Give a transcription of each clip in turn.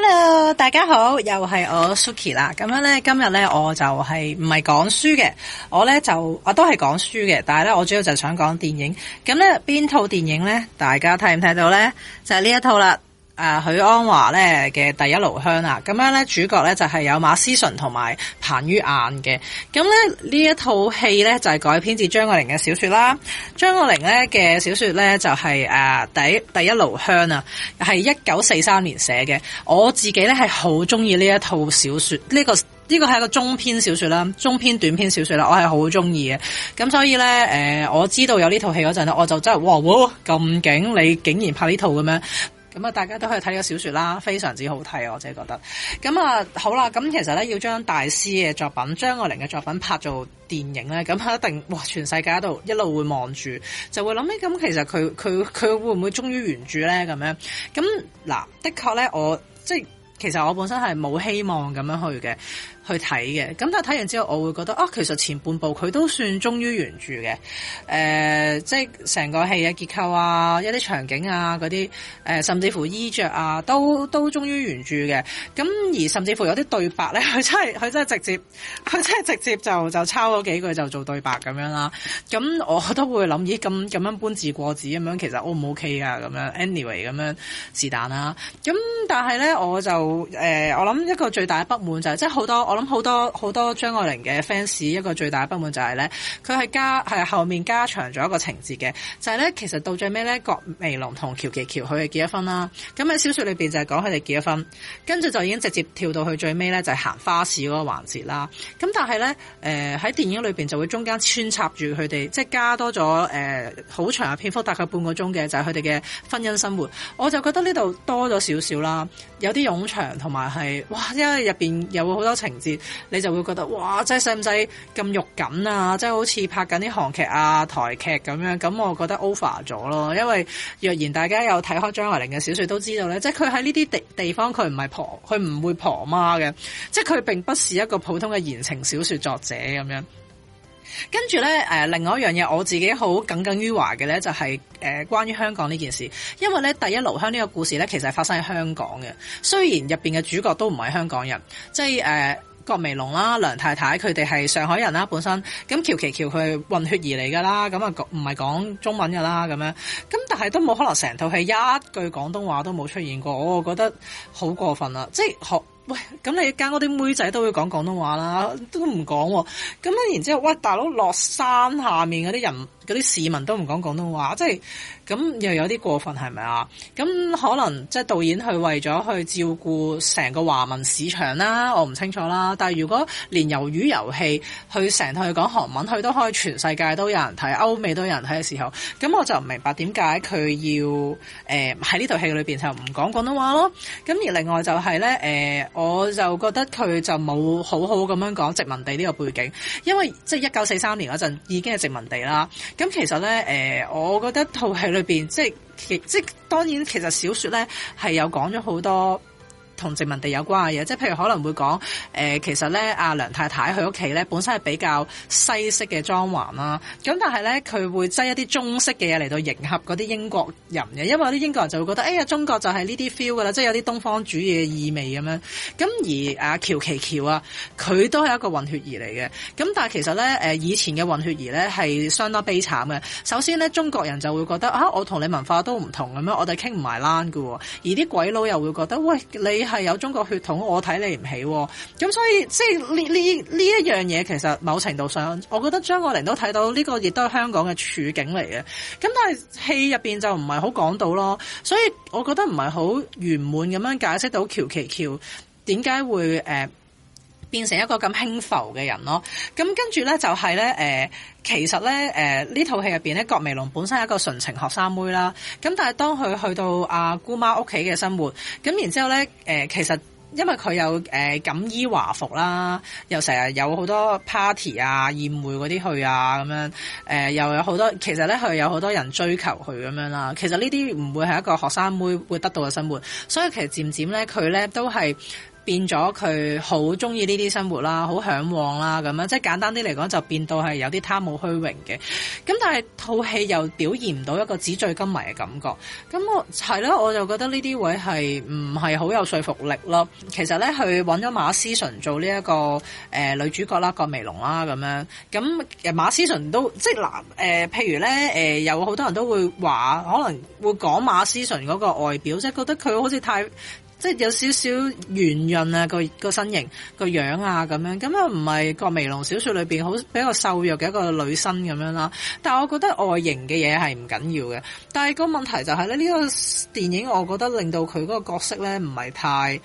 Hello，大家好，又係我 Suki 啦。咁樣咧，今日咧我就係唔係講書嘅，我咧就我都係講書嘅，但係咧我主要就想講電影。咁咧邊套電影咧，大家睇唔睇到咧？就係呢一套啦。誒、啊、許鞍華咧嘅《第一爐香》啊，咁樣咧主角咧就係、是、有馬思純同埋彭于晏嘅。咁咧呢一套戲咧就係、是、改編自張愛玲嘅小說啦。張愛玲咧嘅小說咧就係誒第《第一爐香》啊，係一九四三年寫嘅。我自己咧係好中意呢一套小說，呢、這個呢、這個係一個中篇小說啦，中篇短篇小說啦，我係好中意嘅。咁所以咧誒、呃，我知道有呢套戲嗰陣咧，我就真係哇喎咁勁！你竟然拍呢套咁樣？咁啊，大家都可以睇個小說啦，非常之好睇，我真係覺得。咁啊，好啦，咁其實咧要將大師嘅作品，張愛玲嘅作品拍做電影咧，咁一定哇，全世界喺度一路會望住，就會諗起。咁其實佢佢佢會唔會忠於原著咧？咁樣咁嗱，的確咧，我即係。其實我本身係冇希望咁樣去嘅，去睇嘅。咁但係睇完之後，我會覺得啊，其實前半部佢都算忠於原著嘅。誒、呃，即係成個戲嘅結構啊，一啲場景啊嗰啲、呃、甚至乎衣著啊，都都忠於原著嘅。咁、嗯、而甚至乎有啲對白咧，佢真係佢真係直接，佢真係直接就就抄咗幾句就做對白咁樣啦。咁、嗯、我都會諗咦，咁、哎、咁樣，樣搬字過字咁樣，其實 O 唔 O K 啊？咁樣 anyway 咁樣、嗯、是但啦。咁但係咧，我就。誒、呃，我諗一個最大嘅不滿就係、是，即係好多我諗好多好多張愛玲嘅 fans 一個最大嘅不滿就係咧，佢係加係後面加長咗一個情節嘅，就係、是、咧其實到最尾咧，葛薇龍同喬琪喬佢哋結咗婚啦。咁喺小說裏邊就係講佢哋結咗婚，跟住就已經直接跳到去最尾咧就係、是、行花市嗰個環節啦。咁但係咧誒喺電影裏邊就會中間穿插住佢哋，即係加多咗誒好長嘅篇幅，大概半個鐘嘅就係佢哋嘅婚姻生活。我就覺得呢度多咗少少啦，有啲冗長同埋係哇，因為入邊有好多情節，你就會覺得哇，真係使唔使咁肉緊啊？即係好似拍緊啲韓劇啊、台劇咁樣。咁我覺得 over 咗咯，因為若然大家有睇開張愛玲嘅小說都知道咧，即係佢喺呢啲地地方佢唔係婆，佢唔會婆媽嘅，即係佢並不是一個普通嘅言情小說作者咁樣。跟住咧，誒、呃，另外一樣嘢，我自己好耿耿於懷嘅咧，就係、是呃、關於香港呢件事，因為咧，第一爐香呢個故事咧，其實係發生喺香港嘅，雖然入面嘅主角都唔係香港人，即係誒郭眉龍啦、梁太太佢哋係上海人啦、啊，本身咁喬琪喬佢混血兒嚟噶啦，咁啊唔係講中文噶啦，咁樣，咁但係都冇可能成套戲一句廣東話都冇出現過，我覺得好過分啦、啊，即係學。喂，咁你間嗰啲妹仔都會講廣東話啦，嗯、都唔講喎。咁然之後，喂大佬落山下面嗰啲人。嗰啲市民都唔講廣東話，即係咁又有啲過分，係咪啊？咁可能即係導演佢為咗去照顧成個華文市場啦，我唔清楚啦。但係如果連魷魚遊戲，佢成套去講韓文，佢都可以全世界都有人睇，歐美都有人睇嘅時候，咁我就唔明白點解佢要誒喺呢套戲裏邊就唔講廣東話咯。咁而另外就係咧誒，我就覺得佢就冇好好咁樣講殖民地呢個背景，因為即係一九四三年嗰陣已經係殖民地啦。咁其實呢，呃，我覺得套戲裏面，即係即係當然，其實小説呢，係有講咗好多。同殖民地有關嘅嘢，即係譬如可能會講、呃，其實咧，阿梁太太佢屋企咧本身係比較西式嘅裝潢啦，咁但係咧佢會擠一啲中式嘅嘢嚟到迎合嗰啲英國人嘅，因為啲英國人就會覺得，哎呀，中國就係呢啲 feel 噶啦，即係有啲東方主義嘅意味咁樣。咁而阿、啊、喬琪喬啊，佢都係一個混血兒嚟嘅。咁但係其實咧、呃，以前嘅混血兒咧係相當悲慘嘅。首先咧，中國人就會覺得啊，我同你文化都唔同咁樣，我哋傾唔埋欄噶喎。而啲鬼佬又會覺得，喂，你係有中國血統，我睇你唔起、哦，咁所以即係呢呢呢一樣嘢，其實某程度上，我覺得張愛玲都睇到呢、這個亦都係香港嘅處境嚟嘅。咁但係戲入邊就唔係好講到咯，所以我覺得唔係好圓滿咁樣解釋到喬琪喬點解會誒。呃變成一個咁輕浮嘅人咯，咁、嗯、跟住咧就係、是、咧、呃、其實咧呢套、呃、戲入面，咧，郭美龍本身係一個純情學生妹啦，咁但係當佢去到阿、啊、姑媽屋企嘅生活，咁、嗯、然之後咧、呃、其實因為佢有誒錦衣華服啦，又成日有好多 party 啊、宴會嗰啲去啊咁樣、呃，又有好多，其實咧佢有好多人追求佢咁樣啦，其實呢啲唔會係一個學生妹會得到嘅生活，所以其實漸漸咧佢咧都係。變咗佢好中意呢啲生活啦，好向往啦，咁樣即係簡單啲嚟講，就變到係有啲貪慕虛榮嘅。咁但係套戲又表現唔到一個紙醉金迷嘅感覺。咁我係咯，我就覺得呢啲位係唔係好有說服力咯。其實咧，佢揾咗馬思純做呢、這、一個誒、呃、女主角啦，葛薇龍啦，咁樣咁。誒，馬思純都即係嗱，誒、呃，譬如咧，誒、呃，有好多人都會話，可能會講馬思純嗰個外表，即係覺得佢好似太。即係有少少圓潤啊個、個身形、個樣啊咁樣咁，又唔係個迷龍小說裏邊好比較瘦弱嘅一個女生咁樣啦，但係我覺得外形嘅嘢係唔緊要嘅，但係個問題就係咧，呢個電影我覺得令到佢嗰個角色咧唔係太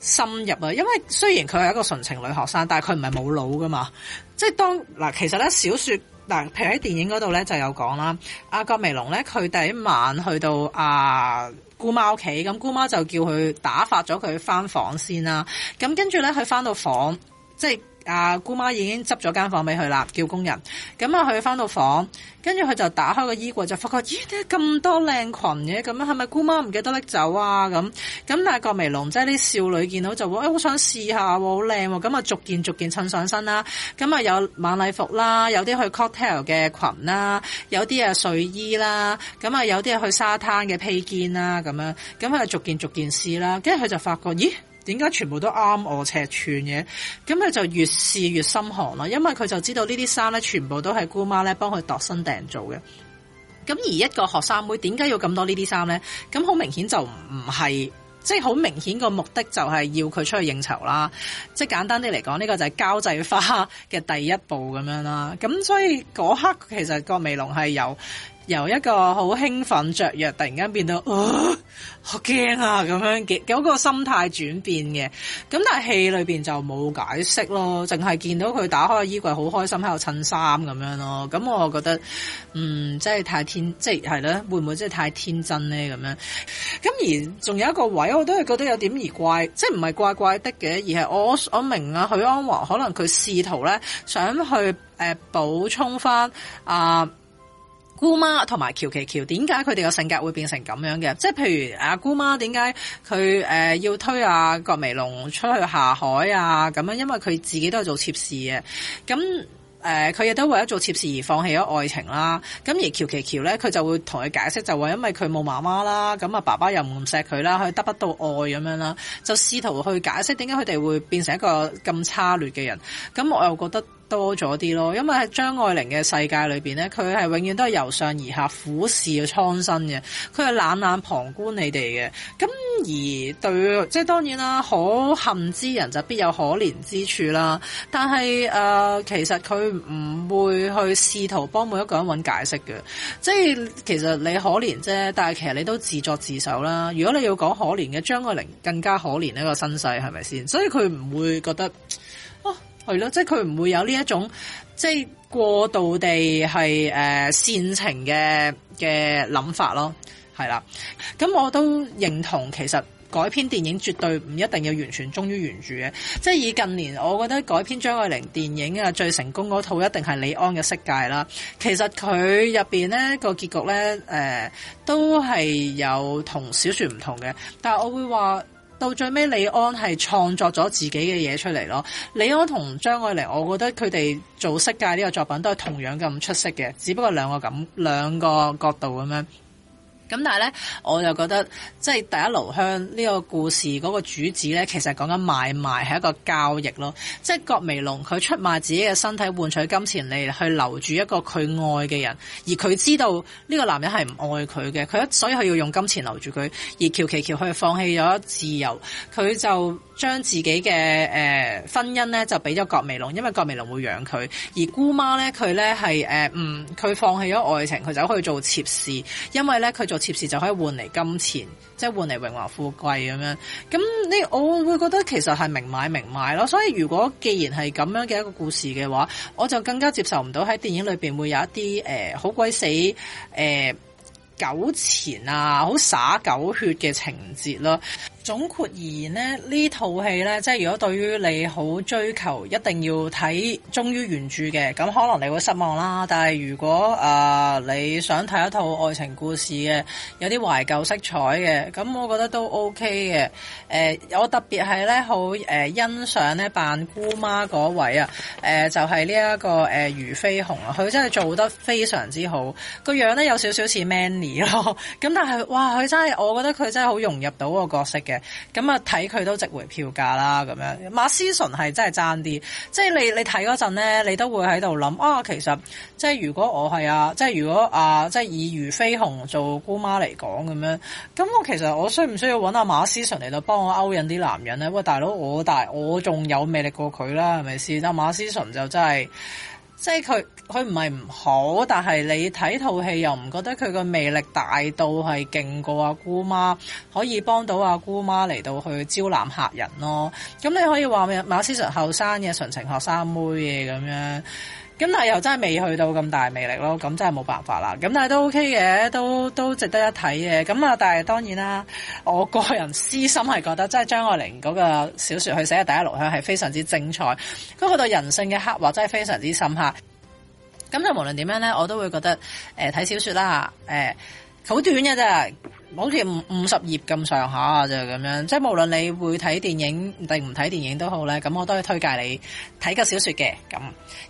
深入啊，因為雖然佢係一個純情女學生，但係佢唔係冇腦噶嘛，即係當嗱其實咧小說。嗱，譬如喺電影嗰度咧，就有講啦，阿郭美龍咧，佢第一晚去到啊姑媽屋企，咁姑媽就叫佢打發咗佢翻房先啦，咁跟住咧，佢翻到房，即係。啊姑媽已經執咗間房俾佢啦，叫工人。咁啊，佢翻到房，跟住佢就打開個衣櫃，就發覺咦，點解咁多靚裙嘅？咁啊，係咪姑媽唔記得拎走啊？咁咁，但係個眉龍即係啲少女見到就誒，好、欸、想試下喎，好靚喎。咁啊，逐件逐件襯上身啦。咁啊，有晚禮服啦，有啲去 cocktail 嘅裙啦，有啲啊睡衣啦。咁啊，有啲去沙灘嘅披肩啦，咁樣咁佢就逐件逐件試啦。跟住佢就發覺咦，點解全部都啱我尺寸嘅？咁佢就越試越心寒啦，因為佢就知道呢啲衫咧，全部都係姑媽咧幫佢度身訂做嘅。咁而一個學生妹點解要咁多呢啲衫咧？咁好明顯就唔係，即係好明顯個目的就係要佢出去應酬啦。即係簡單啲嚟講，呢個就係交際花嘅第一步咁樣啦。咁所以嗰刻其實郭美龍係有。由一個好興奮雀躍，突然間變到、哦、好驚啊咁樣嘅嗰個心態轉變嘅，咁但係戲裏邊就冇解釋咯，淨係見到佢打開個衣櫃，好開心喺度襯衫咁樣咯。咁我覺得嗯，即係太天，即係咧會唔會即係太天真咧咁樣？咁而仲有一個位，我都係覺得有點而怪，即係唔係怪怪的嘅，而係我我明啊，許安華可能佢試圖咧想去誒補、呃、充翻啊。呃姑媽同埋喬琪喬點解佢哋個性格會變成咁樣嘅？即係譬如阿姑媽點解佢誒要推阿葛薇龍出去下海啊？咁樣因為佢自己都係做妾侍嘅，咁誒佢亦都為咗做妾侍而放棄咗愛情啦。咁而喬琪喬咧，佢就會同佢解釋就話，因為佢冇媽媽啦，咁啊爸爸又唔錫佢啦，佢得不到愛咁樣啦，就試圖去解釋點解佢哋會變成一個咁差劣嘅人。咁我又覺得。多咗啲咯，因為喺張愛玲嘅世界裏邊咧，佢係永遠都係由上而下俯視嘅蒼生嘅，佢係懶懶旁觀你哋嘅。咁而對，即係當然啦，可恨之人就必有可憐之處啦。但係誒、呃，其實佢唔會去試圖幫每一個人揾解釋嘅。即係其實你可憐啫，但係其實你都自作自受啦。如果你要講可憐嘅，張愛玲更加可憐呢個身世係咪先？所以佢唔會覺得。係咯，即係佢唔會有呢一種即係過度地係誒煽情嘅嘅諗法咯，係啦。咁我都認同，其實改編電影絕對唔一定要完全忠於原著嘅。即係以近年，我覺得改編張愛玲電影嘅最成功嗰套一定係李安嘅《色戒》啦。其實佢入邊呢個結局呢，誒、呃、都係有同小說唔同嘅，但係我會話。到最尾，李安係創作咗自己嘅嘢出嚟咯。李安同張愛玲，我覺得佢哋做色戒呢個作品都係同樣咁出色嘅，只不過兩個咁兩個角度咁樣。咁但係咧，我就覺得即係第一爐香呢個故事嗰個主旨咧，其實講緊買賣係一個交易咯。即係葛薇龍佢出賣自己嘅身體換取金錢嚟去留住一個佢愛嘅人，而佢知道呢個男人係唔愛佢嘅，佢所以佢要用金錢留住佢。而喬琪喬佢放棄咗自由，佢就將自己嘅誒、呃、婚姻咧就俾咗葛薇龍，因為葛薇龍會養佢。而姑媽咧佢咧係誒、嗯、佢放棄咗愛情，佢走去做妾侍，因為咧佢做。妾侍就可以換嚟金錢，即係換嚟榮華富貴咁樣。咁你我會覺得其實係明買明賣咯。所以如果既然係咁樣嘅一個故事嘅話，我就更加接受唔到喺電影裏邊會有一啲誒好鬼死誒糾纏啊，好灑狗血嘅情節咯。總括而言呢呢套戲呢，即係如果對於你好追求一定要睇忠於原著嘅，咁可能你會失望啦。但係如果啊、呃，你想睇一套愛情故事嘅，有啲懷舊色彩嘅，咁我覺得都 OK 嘅。誒、呃，我特別係呢好誒欣賞呢扮姑媽嗰位啊、呃，就係呢一個誒余、呃、飛鴻啊，佢真係做得非常之好，個樣呢有少少似 Manny 咯。咁但係哇，佢真係，我覺得佢真係好融入到個角色嘅。咁啊，睇佢都值回票價啦，咁樣，馬思純係真係爭啲，即係你你睇嗰陣咧，你都會喺度諗啊，其實即係如果我係啊，即係如果啊，即係以如飛鴻做姑媽嚟講咁樣，咁我其實我需唔需要揾阿馬思純嚟到幫我勾引啲男人咧？喂，大佬，我大我仲有魅力過佢啦，係咪先？阿馬思純就真係，即係佢。佢唔係唔好，但係你睇套戲又唔覺得佢個魅力大到係勁過阿姑媽，可以幫到阿姑媽嚟到去招攬客人咯。咁你可以話馬思純後生嘅純情學生妹嘅咁樣，咁但係又真係未去到咁大魅力咯。咁真係冇辦法啦。咁但係都 OK 嘅，都都值得一睇嘅。咁啊，但係當然啦，我個人私心係覺得，真係張愛玲嗰個小說佢寫嘅第一爐香係非常之精彩，佢對人性嘅刻畫真係非常之深刻。咁就無論點樣咧，我都會覺得誒睇、呃、小說啦，誒、呃、好短嘅啫，好似五五十頁咁上下就咁、係、樣。即係無論你會睇電影定唔睇電影都好咧，咁我都係推介你睇個小說嘅。咁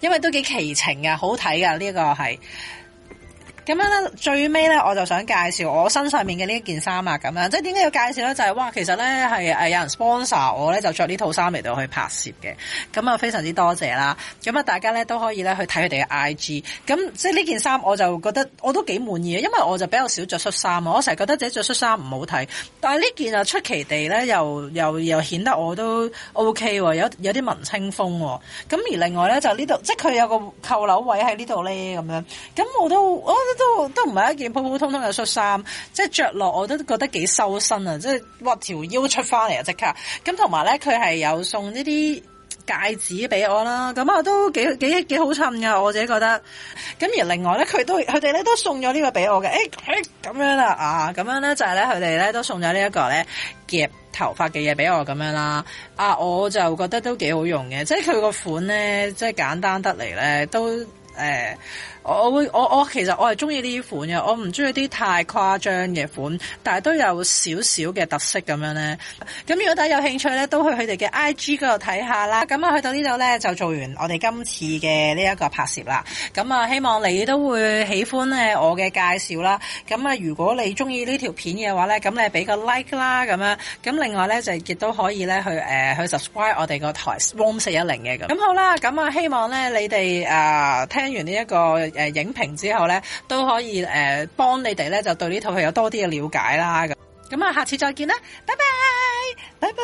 因為都幾奇情啊，好睇㗎。呢、呢個係。咁樣咧，最尾咧，我就想介紹我身上面嘅呢一件衫啊，咁樣即係點解要介紹咧？就係、是、哇，其實咧係有人 sponsor 我咧，就着呢套衫嚟到去拍攝嘅，咁啊非常之多謝啦。咁啊，大家咧都可以咧去睇佢哋嘅 IG。咁即係呢件衫，我就覺得我都幾滿意啊，因為我就比較少着恤衫啊，我成日覺得自己着恤衫唔好睇。但係呢件啊出奇地咧，又又又顯得我都 OK 喎，有有啲文青風喎。咁而另外咧就呢度，即係佢有個扣樓位喺呢度咧，咁樣咁我都我都都唔係一件普普通通嘅恤衫，即係着落我都覺得幾修身啊！即係哇條腰出翻嚟啊，即刻咁同埋咧，佢係有，有送呢啲戒指俾我啦，咁啊都幾幾幾好襯噶，我自己覺得。咁而另外咧，佢都佢哋咧都送咗呢個俾我嘅，誒、欸、咁樣啦啊，咁樣咧就係咧，佢哋咧都送咗呢一個咧夾頭髮嘅嘢俾我咁樣啦。啊，我就覺得都幾好用嘅，即係佢個款咧，即係簡單得嚟咧，都誒。欸我會，我我其實我係中意呢啲款嘅，我唔中意啲太誇張嘅款，但係都有少少嘅特色咁樣咧。咁如果大家有興趣咧，都去佢哋嘅 I G 嗰度睇下啦。咁啊，去到呢度咧就做完我哋今次嘅呢一個拍攝啦。咁啊，希望你都會喜歡咧我嘅介紹啦。咁啊，如果你中意呢條片嘅話咧，咁你俾個 like 啦，咁樣。咁另外咧就亦都可以咧去誒、呃、去 subscribe 我哋個台 s w a m 四一零嘅咁。咁好啦，咁啊希望咧你哋啊、呃、聽完呢、這、一個。誒，影評之後咧，都可以誒，幫、呃、你哋咧就對呢套戲有多啲嘅了解啦。咁，咁啊，下次再見啦，拜拜，拜拜。